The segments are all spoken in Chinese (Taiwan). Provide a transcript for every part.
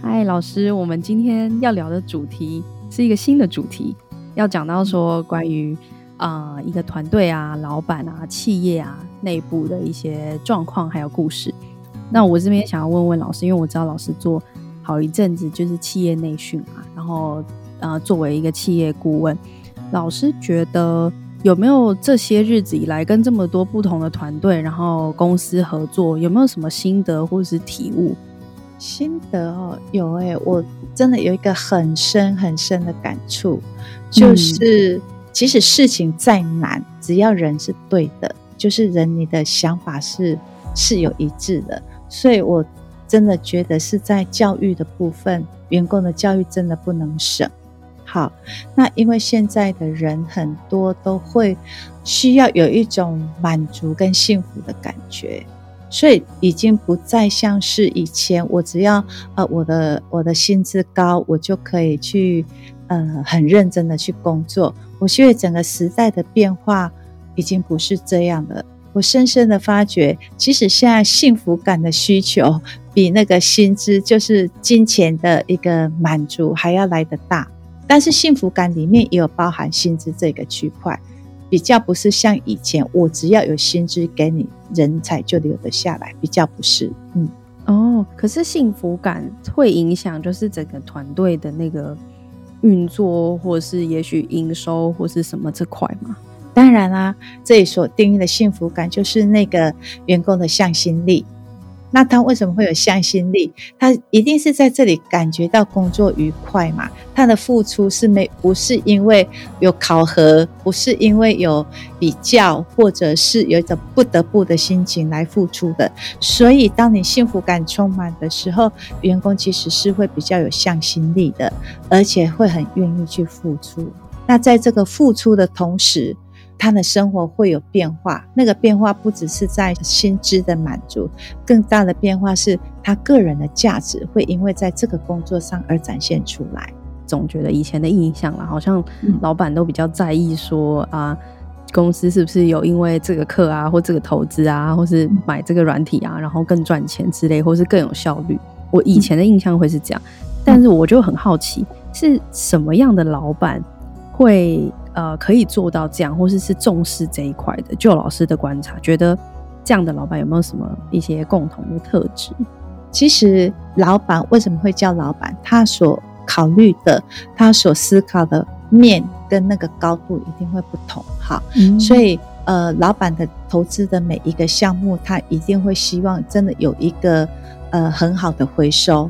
嗨，老師，我們今天要聊的主題是一個新的主題，要講到說關於啊、呃、一個團隊啊、老闆啊、企業啊內部的一些狀況還有故事。那我這邊想要問問老師，因為我知道老師做好一陣子就是企業內訓嘛，然後呃，作為一個企業顧問，老師覺得有沒有這些日子以來跟這麼多不同的團隊，然後公司合作，有沒有什麼心得或者是體悟？心得哦，有哎、欸，我真的有一個很深很深的感觸，就是、嗯、即使事情再難，只要人是對的，就是人你的想法是是有一致的，所以，我真的覺得是在教育的部分，員工的教育真的不能省。好，那因為現在的人很多都會需要有一種滿足跟幸福的感覺，所以已經不再像是以前，我只要呃我的我的薪資高，我就可以去呃很認真的去工作。我覺得整個時代的變化已經不是這樣了。我深深的發覺，其實現在幸福感的需求比那個薪資，就是金錢的一個滿足還要來得大，但是幸福感裡面也有包含薪資這個區塊，比較不是像以前，我只要有薪資給你，人才就留得下來，比較不是，嗯。哦，可是幸福感會影響，就是整個團隊的那個運作，或是也許營收或是什麼這塊嗎？當然啦、啊，這裡所定義的幸福感就是那個員工的向心力。那他為什麼會有向心力？他一定是在這裡感覺到工作愉快嘛。他的付出是沒，不是因為有考核，不是因為有比較，或者是有一種不得不的心情來付出的。所以，當你幸福感充滿的時候，員工其實是會比較有向心力的，而且會很願意去付出。那在這個付出的同時，他的生活會有變化，那個變化不只是在薪資的滿足，更大的變化是他個人的價值會因為在這個工作上而展現出來。總覺得以前的印象了，好像老闆都比較在意說、嗯、啊，公司是不是有因為這個課啊，或這個投資啊，或是買這個軟體啊，然後更賺錢之類，或是更有效率。我以前的印象會是這樣，嗯、但是我就很好奇，是什麼樣的老闆會？呃，可以做到這樣，或者是，是重視這一塊的，就老師的觀察，覺得這樣的老闆有沒有什麼一些共同的特質？其實，老闆為什麼會叫老闆？他所考慮的，他所思考的面跟那個高度一定會不同，哈、嗯。所以，呃，老闆的投資的每一個項目，他一定會希望真的有一個呃很好的回收。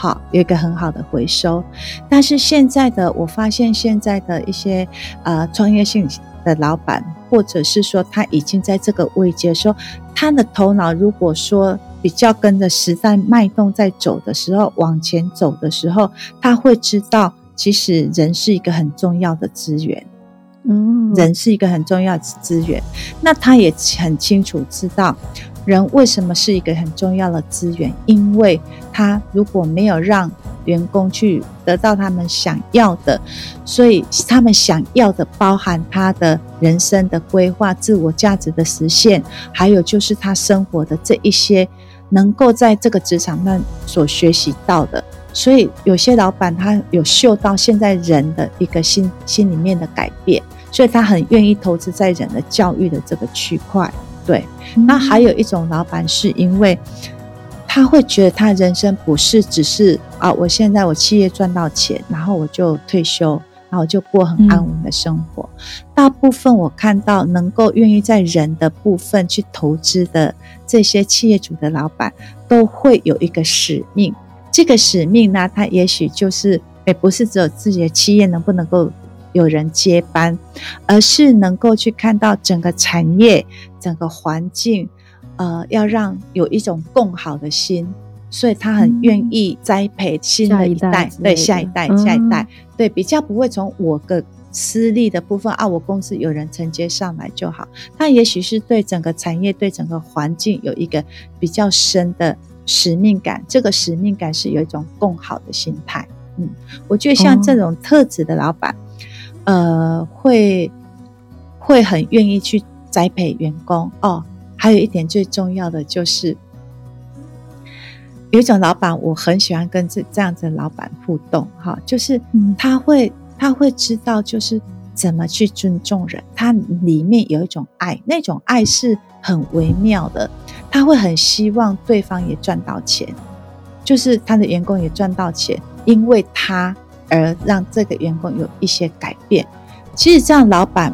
好，有一個很好的回收。但是現在的我發現，現在的一些呃創業性的老板，或者是說他已經在這個位置的時候，他的頭腦如果說比較跟着時代脈動在走的時候，往前走的時候，他會知道，其實人是一個很重要的資源。嗯，人是一個很重要的資源。那他也很清楚知道，人為什麼是一個很重要的資源？因為他如果沒有讓員工去得到他們想要的，所以他們想要的包含他的人生的規劃、自我價值的實現，還有就是他生活的這一些能夠在這個職場上所學習到的。所以有些老板他有嗅到現在人的一個心心裡面的改變，所以他很願意投資在人的教育的這個區塊。對，那還有一種老闆，是因為他會覺得他人生不是只是啊，我現在我企業賺到錢，然後我就退休，然後就過很安穩的生活。嗯。大部分我看到能夠願意在人的部分去投資的這些企業主的老闆，都會有一個使命。這個使命呢，他也許就是，也不是只有自己的企業能不能夠有人接班，而是能夠去看到整個產業。整個環境，呃，要讓有一種共好的心，所以他很願意栽培新的一代，對下一代、下一代，對、對、下一代、嗯、下一代，對，比較不會從我的私利的部分啊，我公司有人承接上來就好。他也許是對整個產業、對整個環境有一個比較深的使命感，這個使命感是有一種共好的心態。嗯，我覺得像這種特質的老闆，哦、呃，會會很願意去。栽培員工哦，還有一點最重要的就是，有一種老闆，我很喜歡跟這這樣子的老闆互動哈，哦，就是，嗯，他會他會知道就是怎麼去尊重人，他裡面有一種愛，那種愛是很微妙的，他會很希望對方也賺到錢，就是他的員工也賺到錢，因為他而讓這個員工有一些改變。其實這樣老闆。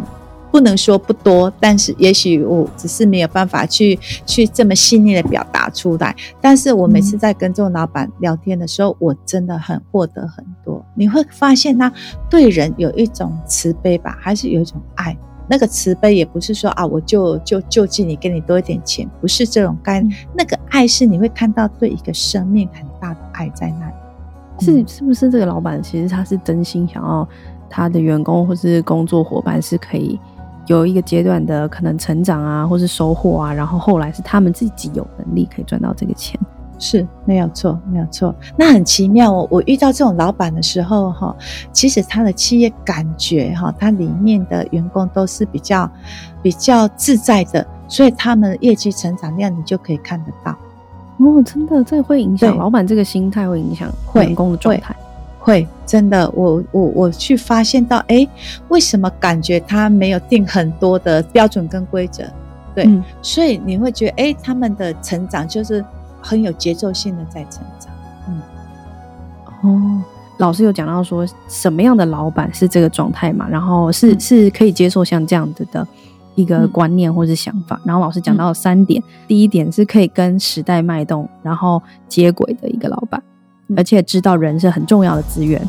不能說不多，但是也許我只是沒有辦法去去這麼細膩的表達出來。但是我每次在跟這種老板聊天的時候，嗯、我真的很獲得很多。你會發現他對人有一種慈悲吧，還是有一種愛。那個慈悲也不是說啊，我就就救濟你，給你多一點錢，不是這種干、嗯。那個愛是你會看到對一個生命很大的愛在那裡。是是不是這個老板其實他是真心想要他的員工或是工作夥伴是可以。有一個階段的可能成長啊，或是收穫啊，然後後來是他們自己有能力可以賺到這個錢，是沒有錯，沒有錯。那很奇妙哦，我遇到這種老板的時候哈，其實他的企業感覺哈，他裡面的員工都是比較比較自在的，所以他們的業績成長量你就可以看得到。哦，真的，這會影響老板這個心態，會影響員工的狀態。會真的，我我我去發現到，哎、欸，為什麼感覺他沒有定很多的標準跟規則？對、嗯，所以你會覺得，哎、欸，他們的成長就是很有節奏性的在成長。嗯，哦，老師有講到說什麼樣的老闆是這個狀態嘛？然後是、嗯、是可以接受像這樣子的一個觀念或是想法。嗯、然後老師講到三點、嗯，第一點是可以跟時代脈動然後接軌的一個老闆。而且知道人是很重要的資源，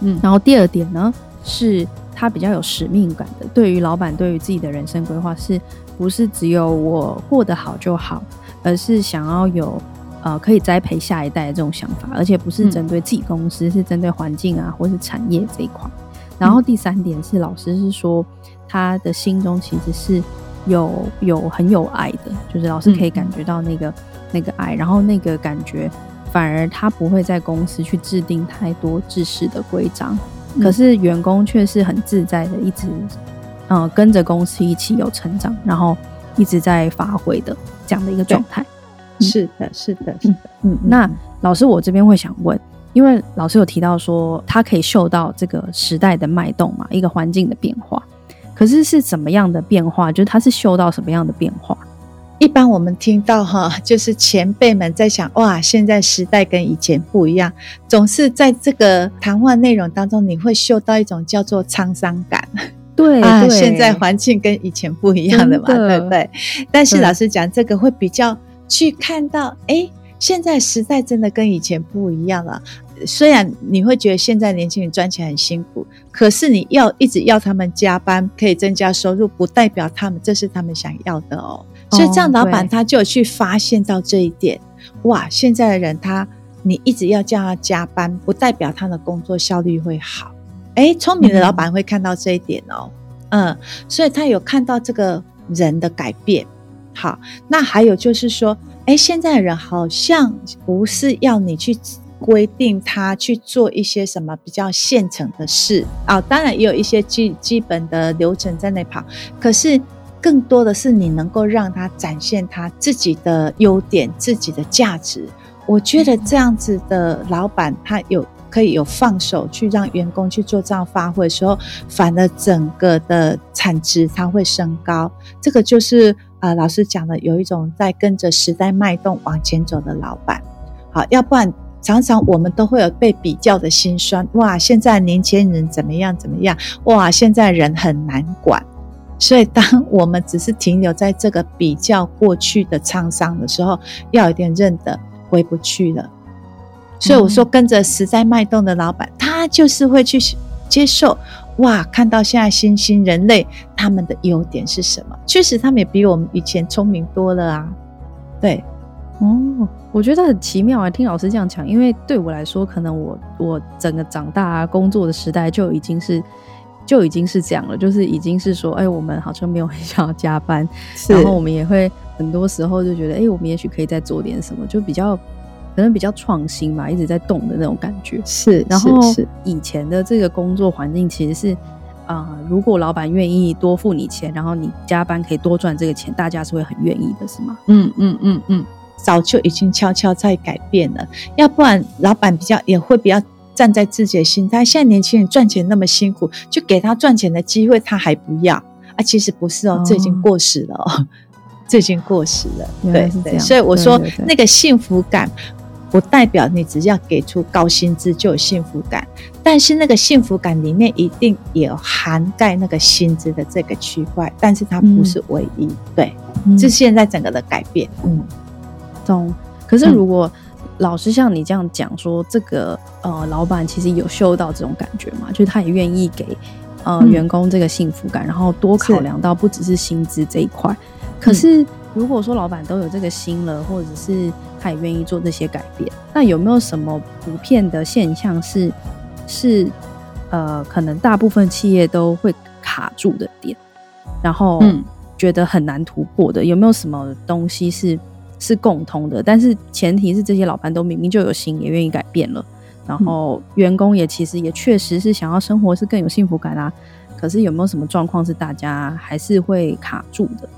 嗯，然後第二點呢，是他比較有使命感的，對於老板，對於自己的人生規劃，是不是只有我過得好就好，而是想要有呃可以栽培下一代的這種想法，而且不是針對自己公司，嗯、是針對環境啊，或是產業這一塊。然後第三點是，老師是說他的心中其實是有有很有愛的，就是老師可以感覺到那個、嗯、那個愛，然後那個感覺。反而他不會在公司去制定太多制式的規章，可是員工卻是很自在的，一直嗯、呃、跟着公司一起有成長，然後一直在發揮的這樣的一個狀態。是的，是的，是的。嗯。嗯，那老師，我這邊會想問，因為老師有提到說他可以嗅到這個時代的脈動嘛，一個環境的變化，可是是怎麼樣的變化？就是他是嗅到什麼樣的變化？一般我們聽到哈，就是前輩們在想哇，現在時代跟以前不一樣，總是在這個談話內容當中，你會嗅到一種叫做滄桑感。對，啊、對現在環境跟以前不一樣的嘛，的對不對，對？但是老師講，這個會比較去看到，哎、嗯，欸，現在時代真的跟以前不一樣了。雖然你會覺得現在年輕人賺錢很辛苦，可是你要一直要他們加班可以增加收入，不代表他們這是他們想要的哦。所以這樣，老闆他就有去發現到這一點，哇！現在的人他，你一直要叫他加班，不代表他的工作效率會好。哎，聰明的老闆會看到這一點哦，嗯，所以他有看到這個人的改變。好，那還有就是說，哎，現在的人好像不是要你去規定他去做一些什麼比較現成的事啊，哦，當然也有一些基基本的流程在那跑，可是，更多的是你能夠讓他展現他自己的優點、自己的價值。我覺得這樣子的老闆，他有可以有放手去讓員工去做這樣發揮的時候，反而整個的產值他會升高。這個就是呃，老師講的有一種在跟着時代脈動往前走的老闆。好，要不然常常我們都會有被比較的心酸。哇，現在年輕人怎麼樣怎麼樣？哇，現在人很難管。所以，當我們只是停留在這個比較過去的滄桑的時候，要有點認得回不去了。所以我說，跟着時代脈動的老闆，嗯，他就是會去接受。哇，看到現在新興人類他們的優點是什麼？確實，他們也比我們以前聰明多了啊。對，哦，我覺得很奇妙啊、欸。聽老師這樣講，因為對我來說，可能我我整個長大啊、工作的時代就已經是。就已經是這樣了，就是已經是說，哎，我們好像沒有很想要加班，是，然後我們也會很多時候就覺得，哎，我們也許可以再做點什麼，就比較可能比較創新嘛，一直在動的那種感覺。是，然後是，是以前的這個工作環境其實是，啊，呃，如果老闆願意多付你錢，然後你加班可以多賺這個錢，大家是會很願意的，是嗎？嗯嗯嗯嗯，早就已經悄悄在改變了，要不然老闆比較也會比較。站在自己的心態，現在年輕人賺錢那麼辛苦，就給他賺錢的機會，他還不要啊？其實不是哦，哦，這已經過時了哦，這已經過時了。嗯、對對，所以我說對對對對，那個幸福感，不代表你只要給出高薪資就有幸福感，但是那個幸福感裡面一定有涵蓋那個薪資的這個區塊，但是它不是唯一。嗯、對、嗯，是現在整個的改變。嗯，懂。可是如果。嗯老師像你這樣講說，這個呃，老闆其實有嗅到這種感覺嘛？就是他也願意給呃員工這個幸福感、嗯，然後多考量到不只是薪資這一塊。可是、嗯、如果說老闆都有這個心了，或者是他也願意做這些改變，那有沒有什麼普遍的現象是是呃，可能大部分企業都會卡住的點，然後覺得很難突破的？有沒有什麼東西是？是共通的，但是前提是這些老闆都明明就有心，也願意改變了，然後員工也其實也確實是想要生活是更有幸福感啦、啊。可是有沒有什麼狀況是大家還是會卡住的？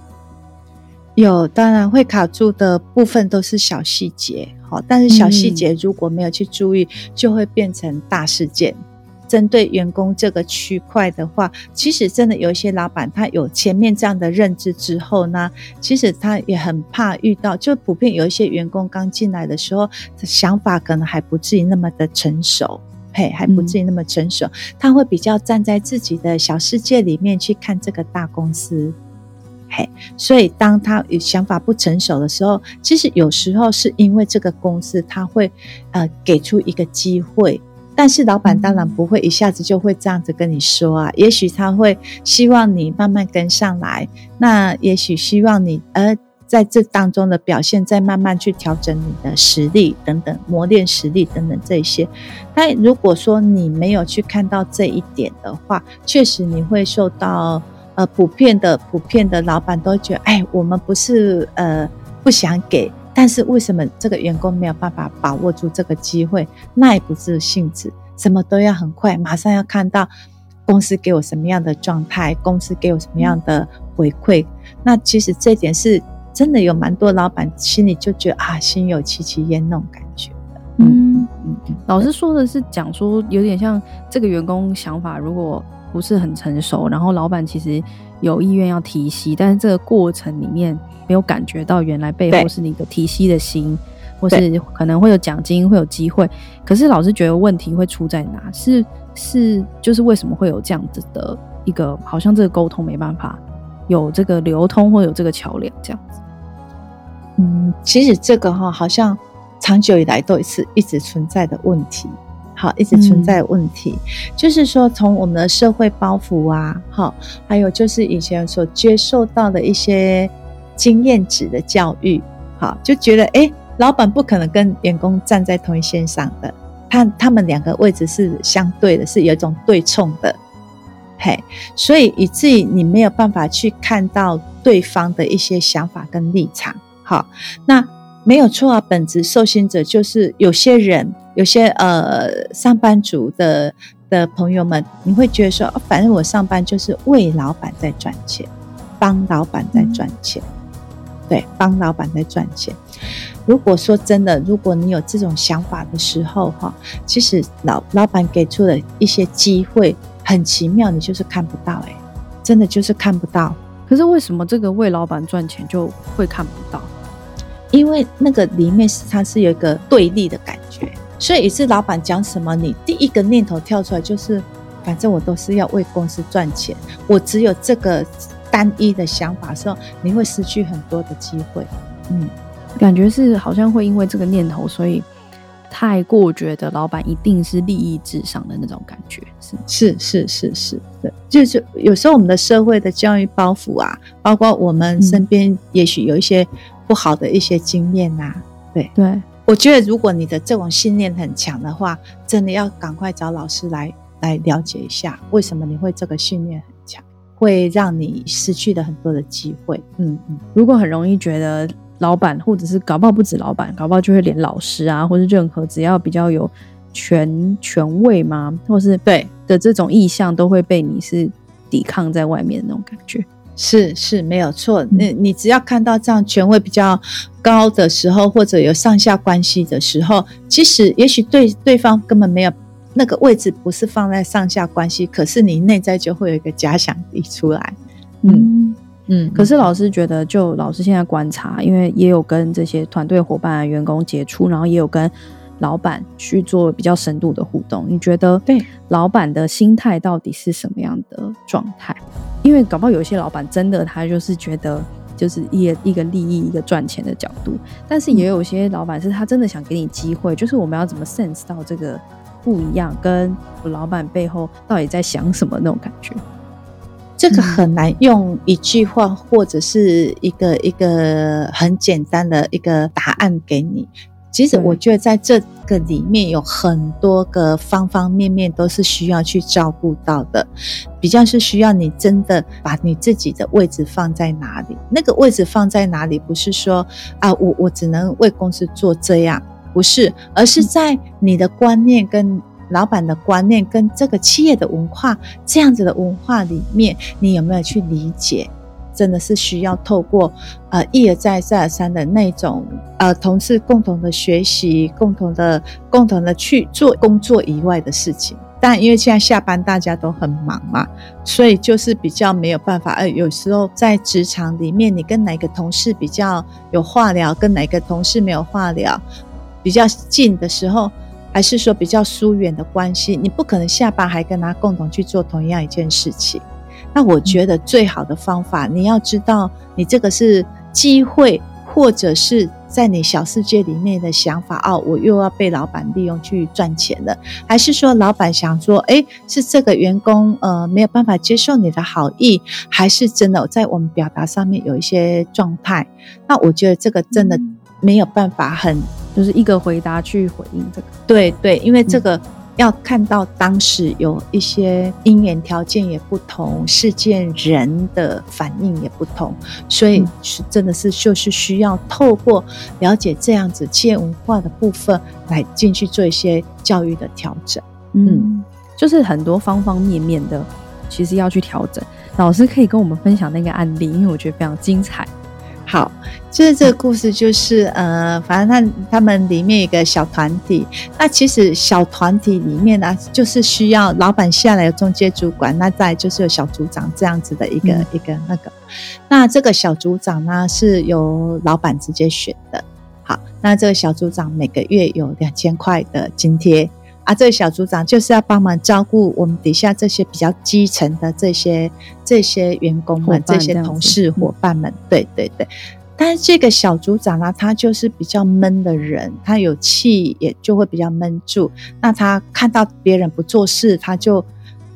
有，當然會卡住的部分都是小細節，好，但是小細節如果沒有去注意，就會變成大事件。針對員工這個區塊的話，其實真的有一些老闆，他有前面這樣的認知之後呢，其實他也很怕遇到。就普遍有一些員工剛進來的時候，想法可能還不至於那麼的成熟，嘿，還不至於那麼成熟，嗯，他會比較站在自己的小世界裡面去看這個大公司，嘿。所以當他想法不成熟的時候，其實有時候是因為這個公司他會，呃，給出一個機會。但是老闆當然不會一下子就會這樣子跟你說啊，也許他會希望你慢慢跟上來，那也許希望你呃在這當中的表現再慢慢去調整你的實力等等，磨練實力等等這些。但如果說你沒有去看到這一點的話，確實你會受到呃普遍的普遍的老闆都覺得，哎，我們不是呃不想給。但是為什麼這個員工沒有辦法把握住這個機會？耐不住性子，什麼都要很快，馬上要看到公司給我什麼樣的狀態，公司給我什麼樣的回饋。嗯？那其實這點是真的有蠻多老闆心裡就覺得啊，心有戚戚焉那種感覺的。嗯嗯，嗯嗯，老師說的是講說有點像這個員工想法如果不是很成熟，然後老闆其實有意願要提薪，但是這個過程裡面。沒有感覺到原來背後是你的提息的心，或是可能會有獎金，會有機會。可是老是覺得問題會出在哪？是是，就是為什麼會有這樣子的一個，好像這個溝通沒辦法有這個流通，或有這個橋樑這樣子。嗯，其實這個哈，好像長久以來都是一直存在的問題。好，一直存在的問題，嗯，就是說從我們的社會包袱啊，好，還有就是以前所接受到的一些，經驗值的教育，好，就覺得誒、欸、老闆不可能跟員工站在同一線上的，他他們兩個位置是相對的，是有一種對沖的，嘿，所以以至於你沒有辦法去看到對方的一些想法跟立場，好，那沒有錯啊，本職受薪者就是有些人，有些呃上班族的的朋友們，你會覺得說，哦、反正我上班就是為老闆在賺錢，幫老闆在賺錢。嗯對，幫老闆在賺錢。如果說真的，如果你有這種想法的時候，哈，其實老老闆給出的一些機會很奇妙，你就是看不到哎、欸，真的就是看不到。可是為什麼這個為老闆賺錢就會看不到？因為那個裡面是它是有一個對立的感覺，所以也是老闆講什麼，你第一個念頭跳出來就是，反正我都是要為公司賺錢，我只有這個。單一的想法的時候，你會失去很多的機會。嗯，感覺是好像會因為這個念頭，所以太過覺得老板一定是利益至上的那種感覺。是是是是是，對，就是有時候我們的社會的教育包袱啊，包括我們身邊也許有一些不好的一些經驗吶、啊嗯。對對，我覺得如果你的這種信念很強的話，真的要趕快找老師來來了解一下，為什麼你會這個信念很強。會讓你失去的很多的機會，嗯嗯。如果很容易覺得老闆，或者是搞不好不止老闆，搞不好就會連老師啊，或者任何只要比較有權權位嗎？或是的對的這種意向，都會被你是抵抗在外面的那種感覺。是是，沒有錯。那、嗯、你，你只要看到這樣權位比較高的時候，或者有上下關係的時候，其實也許對對方根本沒有。那個位置不是放在上下關係，可是你內在就會有一個假想敵出來。嗯嗯。可是老師覺得，就老師現在觀察，因為也有跟這些團隊伙伴、啊、員工接觸，然後也有跟老闆去做比較深度的互動。你覺得，對老闆的心態到底是什麼樣的狀態？因為搞不好有些老闆真的他就是覺得，就是一一個利益、一個賺錢的角度；但是也有些老闆是他真的想給你機會，就是我們要怎麼 sense 到這個？不一樣，跟我老板背後到底在想什麼那種感覺，這個很難用一句話，嗯，或者是一個一個很簡單的一個答案給你。其實我覺得在這個裡面有很多個方方面面都是需要去照顧到的，比較是需要你真的把你自己的位置放在哪裡，那個位置放在哪裡，不是說啊，我我只能為公司做這樣。不是，而是在你的觀念跟老闆的觀念跟這個企業的文化這樣子的文化裡面，你有沒有去理解？真的是需要透過呃一而再再而三的那種呃同事共同的學習、共同的、共同的去做工作以外的事情。但因為現在下班大家都很忙嘛，所以就是比較沒有辦法。哎、欸，有時候在職場裡面，你跟哪個同事比較有話聊，跟哪個同事沒有話聊。比較近的時候，還是說比較疏遠的關係，你不可能下班還跟他共同去做同樣一件事情。那我覺得最好的方法，你要知道，你這個是機會，或者是在你小世界裡面的想法哦。我又要被老闆利用去賺錢了，還是說老闆想說，哎、欸，是這個員工呃沒有辦法接受你的好意，還是真的在我們表達上面有一些狀態？那我覺得這個真的沒有辦法很。就是一個回答去回應這個，對對，因為這個要看到當時有一些因緣條件也不同，事件人的反應也不同，所以是真的是就是需要透過了解這樣子企業文化的部分來進去做一些教育的調整，嗯，就是很多方方面面的其實要去調整。老師可以跟我們分享那個案例，因為我覺得非常精彩。好，就是這個故事，就是呃，反正他他們裡面有一個小團體，那其實小團體裡面呢，就是需要老闆下來有中介主管，那再就是有小組長這樣子的一個、嗯、一個那個，那這個小組長呢是由老闆直接選的。好，那這個小組長每個月有兩千塊的津貼。啊，這個小組長就是要幫忙照顧我們底下這些比較基層的這些這些員工們這、這些同事夥伴們，嗯、對對對。但是這個小組長呢、啊，他就是比較悶的人，他有氣也就會比較悶住。那他看到別人不做事，他就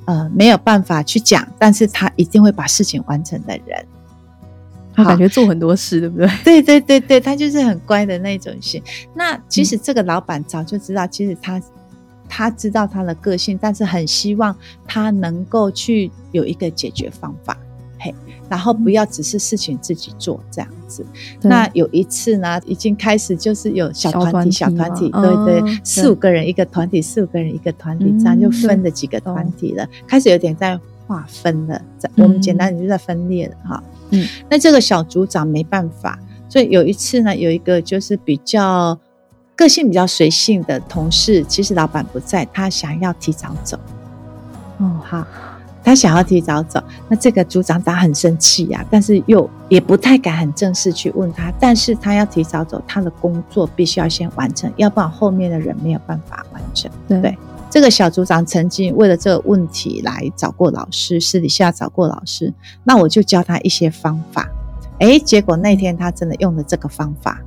呃沒有辦法去講，但是他一定會把事情完成的人。他感覺做很多事，對不對？ 對對對對，他就是很乖的那種型。那其實這個老闆早就知道，其實他、嗯。他知道他的個性，但是很希望他能夠去有一個解決方法，嘿、hey，然後不要只是事情自己做這樣子。嗯、那有一次呢，已經開始就是有小團體，小團體,體，對對、對，四、哦、五個人一個團體，四五個人一個團體、嗯，這樣就分了幾個團體了，開始有點在劃分了，在、嗯、我們簡單點就在分裂了哈、嗯。嗯，那這個小組長沒辦法，所以有一次呢，有一個就是比較。個性比較隨性的同事，其實老闆不在，他想要提早走。哦、嗯，好，他想要提早走，那這個組長他很生氣呀、啊，但是又也不太敢很正式去問他。但是他要提早走，他的工作必須要先完成，要不然後面的人沒有辦法完成、嗯。對，這個小組長曾經為了這個問題來找過老師，私底下找過老師。那我就教他一些方法。誒、欸，結果那天他真的用了這個方法。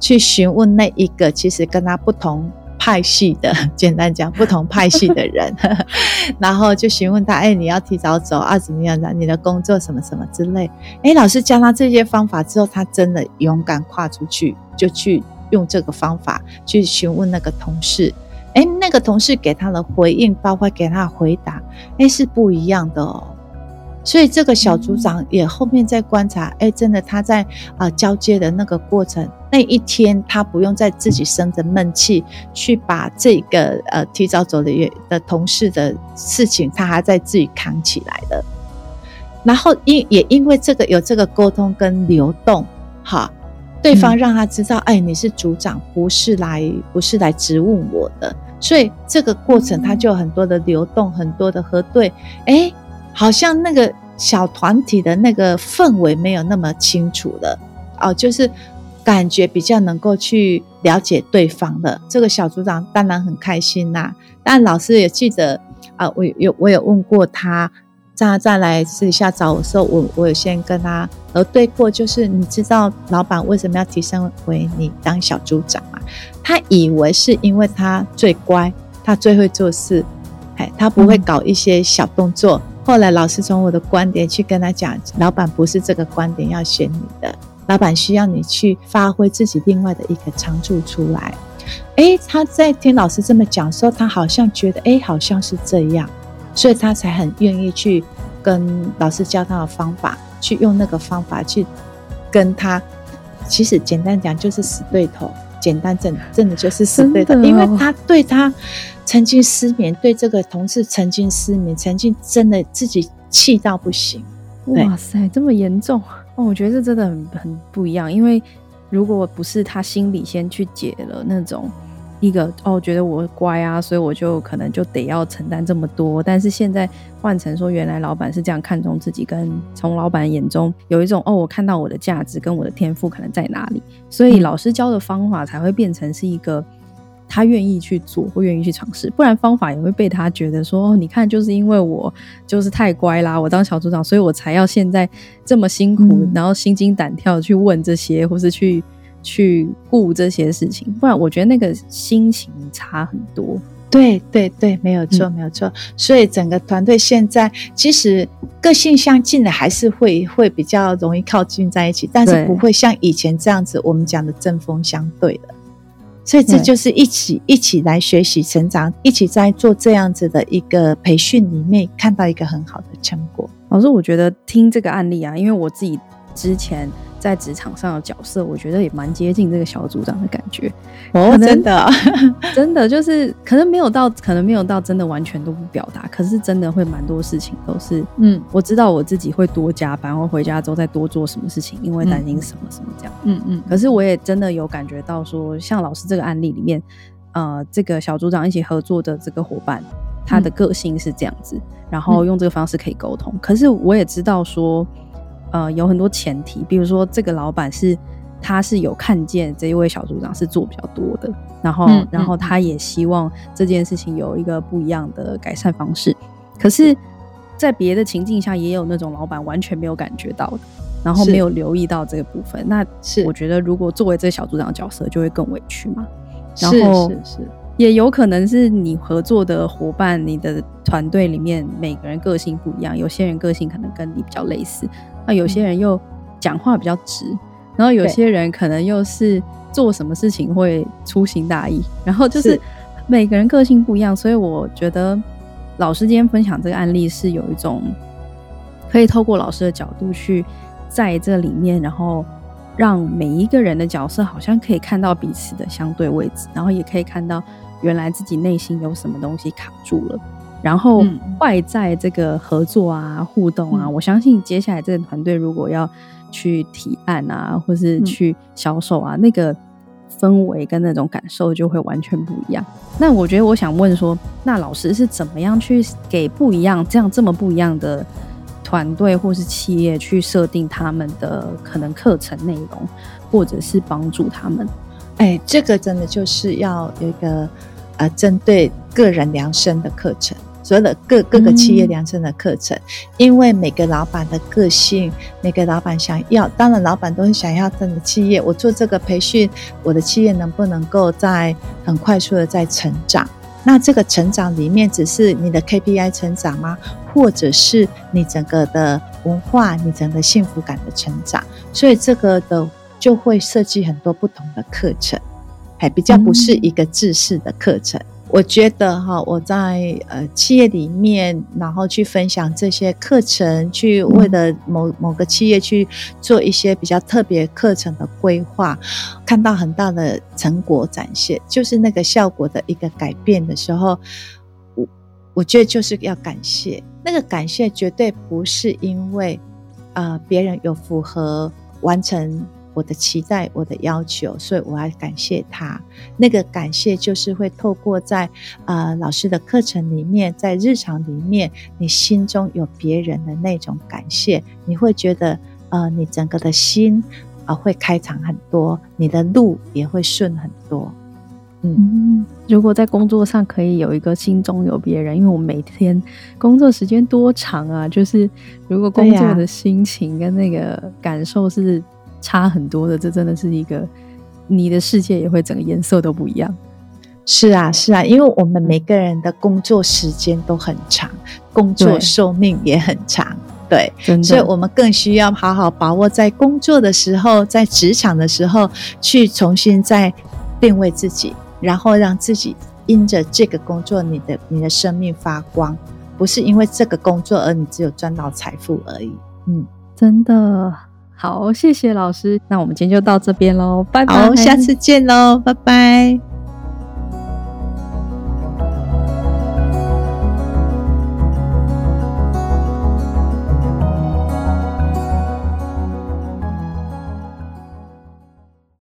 去詢問那一個其實跟他不同派系的，簡單講不同派系的人， 然後就詢問他：“誒、欸、你要提早走啊？怎麼樣的？你的工作什麼什麼之類？”誒、欸、老師教他這些方法之後，他真的勇敢跨出去，就去用這個方法去詢問那個同事。誒、欸、那個同事給他的回應，包括給他回答，誒、欸、是不一樣的哦。所以這個小組長也後面在觀察，誒、嗯欸、真的他在啊、呃、交接的那個過程。那一天，他不用再自己生着悶氣去把這個呃提早走的的同事的事情，他還在自己扛起來了。然後因也因為這個有這個溝通跟流動，哈、嗯，對方讓他知道，哎、欸，你是組長，不是來不是來質問我的。所以這個過程，他就有很多的流動、嗯，很多的核對，哎、欸，好像那個小團體的那個氛圍沒有那麼清楚了，哦、呃，就是。感覺比較能夠去了解對方的這個小組長，當然很開心吶、啊。但老師也記得啊、呃，我有我有問過他，在再，再來私底下找我時候，我我有先跟他而對過，就是你知道老闆為什麼要提升為你當小組長嗎、啊？他以為是因為他最乖，他最會做事嘿，他不會搞一些小動作。後來老師從我的觀點去跟他講，老闆不是這個觀點要選你的。老闆需要你去發揮自己另外的一個長處出來。哎、欸，他在聽老師這麼講的時候，他好像覺得哎、欸，好像是這樣，所以他才很願意去跟老師教他的方法，去用那個方法去跟他。其實簡單講就是死對頭，簡單真真的就是死對頭、哦，因為他對他曾經失眠，對這個同事曾經失眠，曾經真的自己氣到不行。哇塞，這麼嚴重。哦，我覺得這真的很很不一樣，因為如果不是他心裡先去解了那種一個哦，覺得我乖啊，所以我就可能就得要承擔這麼多。但是現在換成說，原來老板是這樣看重自己，跟從老板眼中有一種哦，我看到我的價值跟我的天賦可能在哪裡，所以老師教的方法才會變成是一個。他願意去做，或願意去嘗試，不然方法也會被他覺得說：“哦、你看，就是因為我就是太乖啦，我當小組長，所以我才要現在這麼辛苦，嗯、然後心驚膽跳去問這些，或是去去顧這些事情。不然，我覺得那個心情差很多。”對對對，沒有錯、嗯，沒有錯。所以整個團隊現在其實個性相近的還是會會比較容易靠近在一起，但是不會像以前這樣子我們講的針鋒相對的。所以這就是一起、嗯、一起來學習成長，一起在做這樣子的一個培訓裡面，看到一個很好的成果。老師，我覺得聽這個案例啊，因為我自己。之前在職場上的角色，我覺得也蠻接近這個小組長的感覺。哦，真的、啊， 真的就是可能沒有到，可能沒有到，真的完全都不表達。可是真的會蠻多事情都是，嗯，我知道我自己會多加班，或回家之後再多做什麼事情，因為擔心什麼什麼這樣。嗯嗯。可是我也真的有感覺到說，像老師這個案例裡面，呃，這個小組長一起合作的這個夥伴、嗯，他的個性是這樣子，然後用這個方式可以溝通、嗯。可是我也知道說。呃，有很多前提，比如說這個老闆是，他是有看見這一位小組長是做比較多的，然後，嗯嗯、然後他也希望這件事情有一個不一樣的改善方式。可是，在別的情境下，也有那種老闆完全沒有感覺到，然後沒有留意到這個部分，是那是我覺得，如果作為這小組長的角色，就會更委屈嘛。然後也有可能是你合作的夥伴，你的團隊裡面每個人個性不一樣，有些人個性可能跟你比較類似。那有些人又講話比較直、嗯，然後有些人可能又是做什麼事情會粗心大意，然後就是每個人個性不一樣，所以我覺得老師今天分享這個案例是有一種可以透過老師的角度去在這裡面，然後讓每一個人的角色好像可以看到彼此的相對位置，然後也可以看到原來自己內心有什麼東西卡住了。然後外在這個合作啊、嗯、互動啊，我相信接下來這個團隊如果要去提案啊，或是去銷售啊、嗯，那個氛圍跟那種感受就會完全不一樣。那我覺得我想問說，那老師是怎麼樣去給不一樣這樣這麼不一樣的團隊或是企業去設定他們的可能課程內容，或者是幫助他們？哎，這個真的就是要有一個呃，針對個人量身的課程。所有的各各個企業量身的課程，嗯、因為每個老闆的個性，每個老闆想要，當然老闆都會想要自己的企業。我做這個培訓，我的企業能不能夠在很快速的在成長？那這個成長裡面，只是你的 KPI 成長嗎？或者是你整個的文化，你整個幸福感的成長？所以這個的就會設計很多不同的課程，還比較不是一個制式的課程。嗯嗯我覺得哈，我在呃企業裡面，然後去分享這些課程，去為了某某個企業去做一些比較特別課程的規劃，看到很大的成果展現，就是那個效果的一個改變的時候，我我覺得就是要感謝，那個感謝絕對不是因為啊，呃，別人有符合完成，我的期待，我的要求，所以我要感謝他。那個感謝就是會透過在呃老師的課程裡面，在日常裡面，你心中有別人的那種感謝，你會覺得呃，你整個的心啊、呃、會開敞很多，你的路也會順很多嗯。嗯，如果在工作上可以有一個心中有別人，因為我每天工作時間多長啊？就是如果工作的心情跟那個感受是。差很多的，這真的是一個，你的世界也會整個顏色都不一樣。是啊，是啊，因為我們每個人的工作時間都很長，工作壽命也很長，對，對，真的。所以，我們更需要好好把握在工作的時候，在職場的時候，去重新再定位自己，然後讓自己因着這個工作，你的你的生命發光，不是因為這個工作而你只有賺到財富而已。嗯，真的。好，謝謝老師。那我們今天就到這邊嘍，拜拜。好，下次見嘍，拜拜。